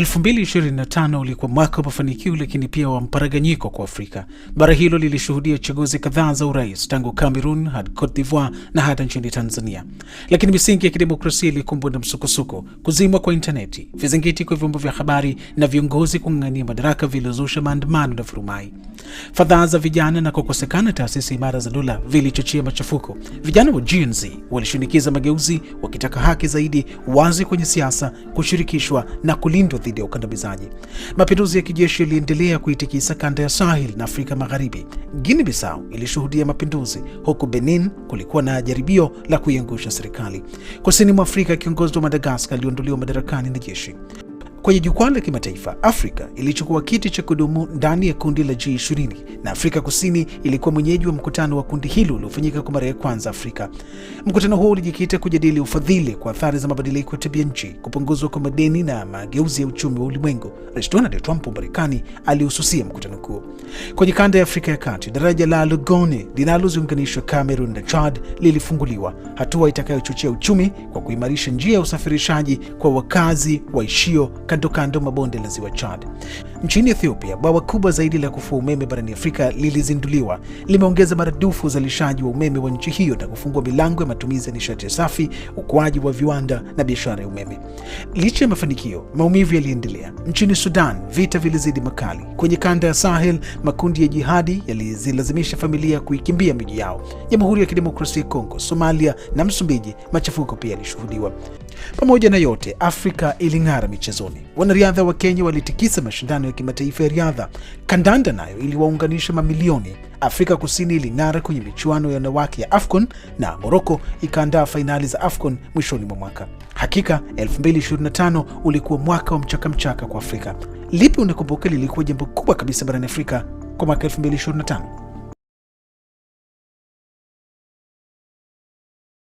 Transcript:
2025 ulikuwa mwaka wa mafanikio lakini pia wa mparaganyiko kwa Afrika. Bara hilo lilishuhudia chaguzi kadhaa za urais tangu Cameroon hadi Cote d'Ivoire na hata nchini Tanzania, lakini misingi ya kidemokrasia ilikumbwa na msukosuko. Kuzimwa kwa intaneti, vizingiti kwa vyombo vya habari na viongozi kung'ang'ania madaraka vilizusha maandamano na furumai. Fadhaa za vijana na kukosekana taasisi imara za dola vilichochea machafuko. Vijana wa Gen Z walishinikiza mageuzi, wakitaka haki zaidi, wazi kwenye siasa, kushirikishwa na kulindwa dhidi ya ukandamizaji. Mapinduzi ya kijeshi yaliendelea kuitikisa kanda ya Sahel na Afrika Magharibi. Guinea Bissau ilishuhudia mapinduzi, huku Benin kulikuwa na jaribio la kuiangusha serikali. Kusini mwa Afrika, kiongozi wa Madagaskar aliondoliwa madarakani na jeshi. Kwenye jukwaa la kimataifa, Afrika ilichukua kiti cha kudumu ndani ya kundi la G20 na Afrika Kusini ilikuwa mwenyeji wa mkutano wa kundi hilo uliofanyika kwa mara ya kwanza Afrika. Mkutano huo ulijikita kujadili ufadhili kwa athari za mabadiliko ya tabia nchi, kupunguzwa kwa madeni na mageuzi ya uchumi wa ulimwengu. Rais Donald Trump wa Marekani alihususia mkutano huo. Kwenye kanda ya Afrika ya Kati, daraja la Logone linaloziunganishwa Cameroon na Chad lilifunguliwa, hatua itakayochochea uchumi kwa kuimarisha njia ya usafirishaji kwa wakazi waishio kando kando mabonde la ziwa Chad. Nchini Ethiopia, bwawa kubwa zaidi la kufua umeme barani Afrika lilizinduliwa. Limeongeza maradufu uzalishaji wa umeme wa nchi hiyo na kufungua milango ya matumizi ya nishati safi, ukuaji wa viwanda na biashara ya umeme. Licha ya mafanikio, maumivu yaliendelea. Nchini Sudan, vita vilizidi makali. Kwenye kanda ya Sahel, makundi ya jihadi yalizilazimisha familia kuikimbia miji yao. Jamhuri ya Kidemokrasia ya Kongo, Somalia na Msumbiji, machafuko pia yalishuhudiwa. Pamoja na yote, Afrika iling'ara michezoni. Wanariadha wa Kenya walitikisa mashindano ya kimataifa ya riadha. Kandanda nayo iliwaunganisha mamilioni. Afrika Kusini iling'ara kwenye michuano ya wanawake ya AFCON na Moroko ikaandaa fainali za AFCON mwishoni mwa mwaka. Hakika 2025 ulikuwa mwaka wa mchakamchaka kwa Afrika. Lipi unakumbuka lilikuwa jambo kubwa kabisa barani Afrika kwa mwaka 2025?